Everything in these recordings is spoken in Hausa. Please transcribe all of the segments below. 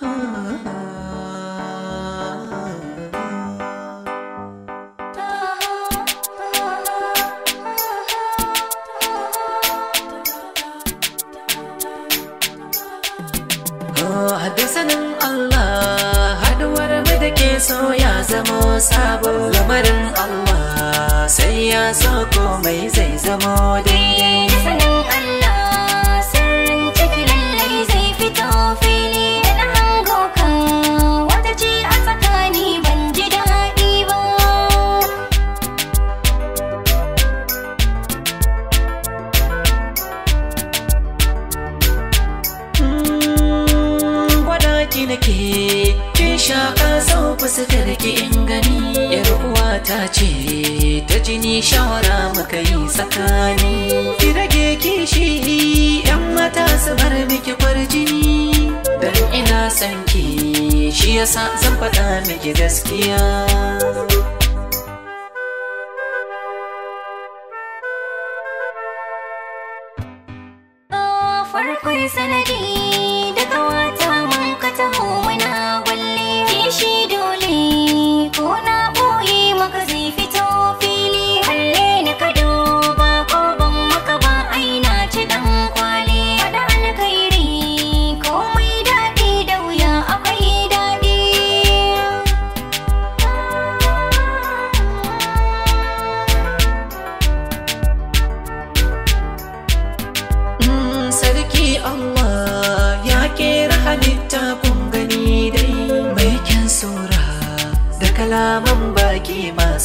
da sanin Allah haduwar mu da ke so ya zamo sabo lamarin Allah sai ya so komai zai zamo dai ki nake kin shaka sau fuskar ki in gani yar uwa ta ce ta jini shawara muka yi tsakani ki rage kishi yan mata su bar miki kwarjini dan ina san ki shi yasa zan faɗa miki gaskiya oh, sanadi da kawata ta humana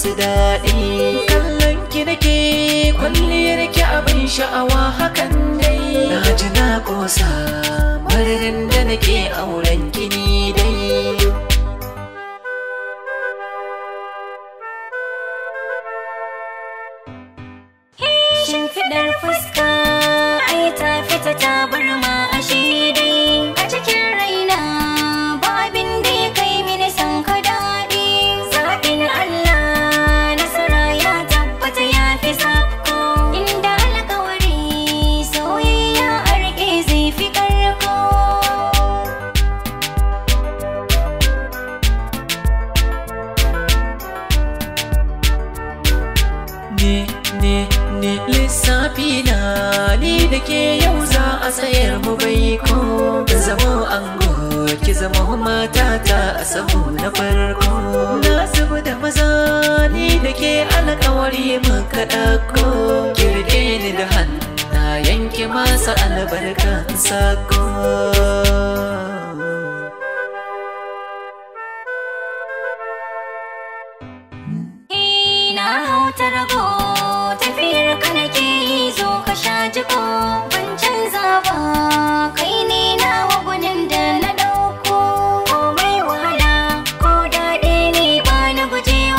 masu daɗi kallon ki nake kwalliyar ki abin sha'awa hakan dai na ji na kosa barin da nake auren ki ni dai Shin fidar ne ne ne lissafi na ni da ke yau za a tsayar mu bai ko da zama ango ki zama mata ta a samu na farko na zubu da maza ni da ke alƙawari muka ɗauko kirke ni da hannu na yanke masa albarkan sako ちゃらご